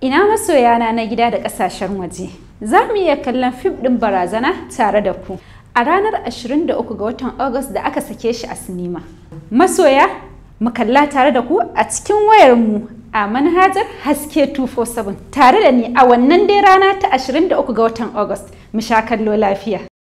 Ina masoyana na gida da ƙasashen waje. Za mu iya kallon fim ɗin barazana tare da ku a ranar 23 ga watan August da aka sake shi a sinima. Masoya, mu kalla tare da ku a cikin wayarmu a manhajar haske 247 tare da ni a wannan dai rana ta 23 ga watan August, Mu sha kallo lafiya.